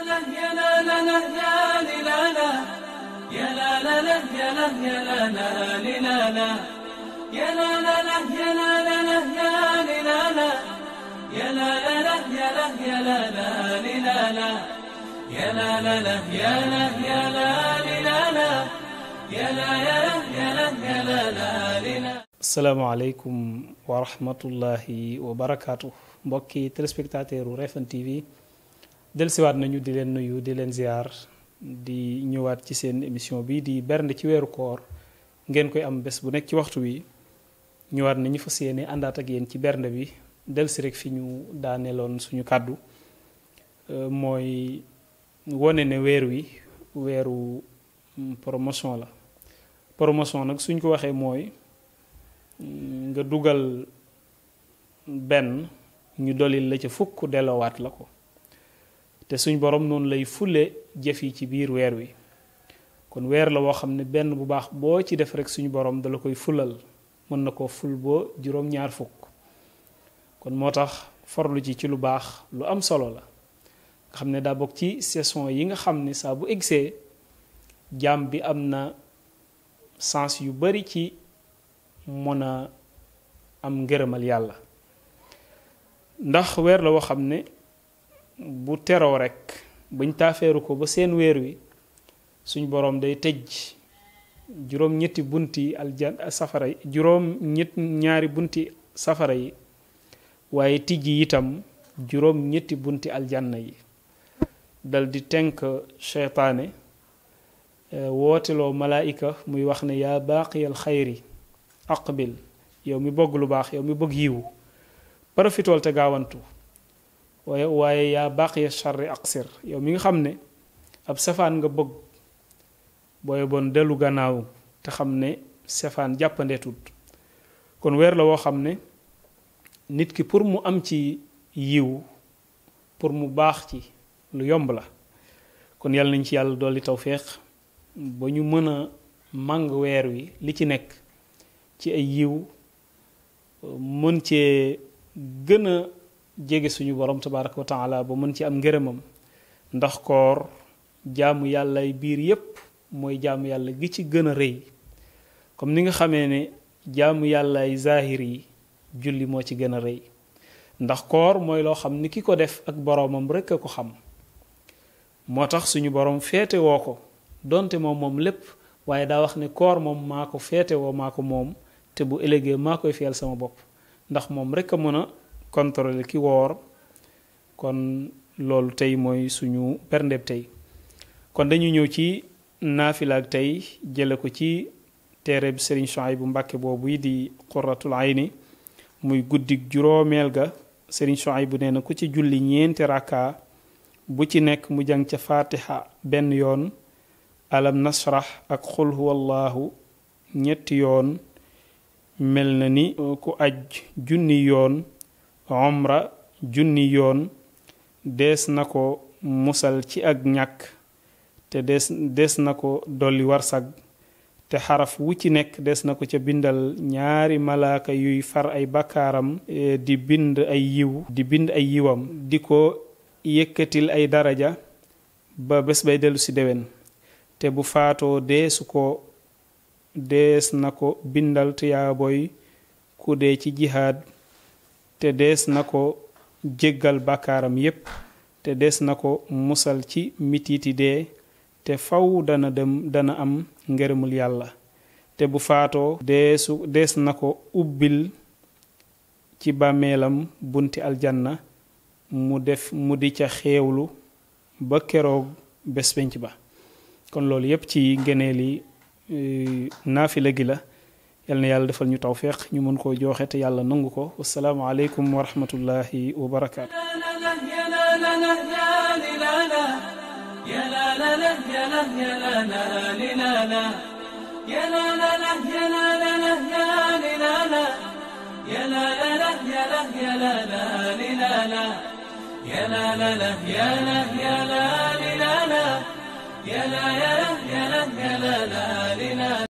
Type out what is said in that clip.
يا لا لا لا يا لا لا لا يا لا لا لا يا لا لا لا يا لا يا لا لا لا لا لا يا لا لا لا يا لا يا لا لا لا لا يا لا يا لا يا لا يا لا لا لا السلام عليكم ورحمة الله وبركاته mbokki تلسبيكتاتي u تي في dellusiwaat nañu di leen nuyu di leen ziar di ñëwaat ci seen émission bi di bernde ci weeru koor ngeen koy am bés bu nekk ci waxtu wi ñëwaat nañu fa yéene àndaat ak yéen ci bernde bi dellusi rek fi ñu daaneeloon suñu kàddu euh, mooy wone ne weer wi weeru mm, promotion la promotion nag suñ ko waxee mooy mm, nga dugal benn ñu dolil la ca fukk delloowaat la ko te suñ borom noonu lay fule jëf yi ci biir weer wi kon weer la woo xam ne benn bu baax boo ci def rek suñu boroom dala koy fulal mën na koo ful boo juróom-ñaar fukk kon moo tax farlu ci ci lu baax lu am solo la nga xam ne daa bokk ci saison yi nga xam ne saa bu egsee jaam bi am na sens yu bari ci mën a am ngërëmal yàlla ndax weer la woo xam ne bu teroo rekk bañ taafeeru ko ba seen weer wi suñ boroom day tëj juróom ñetti bunti aljan safara yi juróom ñett ñaari bunti safara yi waaye tijj itam juróom ñetti bunti aljanna yi dal di tenk seytaane eh, wooteloo malaayika muy wax ne yaa baaqiyal xayri aqbil yow mi bëgg lu baax yow mi bëgg yiwu profitool te gaawantu waaye waaye yaa baaqiya charri aqsir yow mi nga xam ne ab safaan nga bëgg booy bon dellu gannaaw te xam ne safaan jàppandeetut kon weer la woo xam ne nit ki pour mu am ci yiw pour mu baax ci lu yomb la kon yàlla nañ ci yàlla dolli tawféex ba ñu mën a màng weer wi li ci nekk ci ay yiw mën cee gën a jege suñu borom tabaaraku wa taala ba mën ci am ngërëmam ndax koor jaamu yàlla biir yépp mooy jaamu yàlla gi ci gën a rëy comme ni nga xamee ne jaamu yàlla ay zahir yi julli moo ci gën a ndax koor mooy loo xam ni def ak boromam rek ko xam moo tax suñu borom feete woo ko donte moom moom lépp waaye daa wax ne koor moom maa ko feete woo maa ko moom te bu élégué maa koy fiyal sama bopp ndax moom rek contrôler ki woor kon loolu tey mooy suñu perndeb tey kon dañu ñëw ci naafilaak tey jële ko ci téereb Serigne bu Mbacké boobu yi di Qurratul Ayni muy guddik juróomeel ga Serigne Souhaïbou nee na ku ci julli ñeenti rakka bu ci nekk mu jàng ca faatiha benn yoon alam nasrah ak xul huwallahu ñetti yoon mel na ni ku aj junni yoon omra junni yoon dees na ko musal ci ak ñàkk te des des na ko dolli warsag te xaraf wu ci nekk des na ko ca bindal ñaari malaaka yuy far ay bakkaaram e di bind ay yiw di bind ay yiwam di ko yëkkatil ay daraja ba bés bay dellu si déwen te bu faatoo deesu ko dees na ko bindal tuyaaboy ku dee ci jihaad te desna ko jeggal bakaram yep te desna ko musal ci mititi de te faw dana dem dana am ngermul yalla te bu faato desu desna ko ubbil ci bamelam bunti aljanna mu def mu di ca xewlu ba kero bes penc ba kon lolu yep ci ngeneeli eh, nafi la gi la يلنا يال دفل ني توفيق ني مون كو جوخيت يالا نانغوكو والسلام عليكم ورحمه الله وبركاته يا لا لا يا لا لا يا لا لا يا لا لا لا لا يا لا لا لا يا لا لا لا يا لا لا لا يا لا لا لا يا لا يا لا لا لا لا لا يا لا لا لا يا لا يا لا لا لا يا لا يا لا يا لا لا لا لا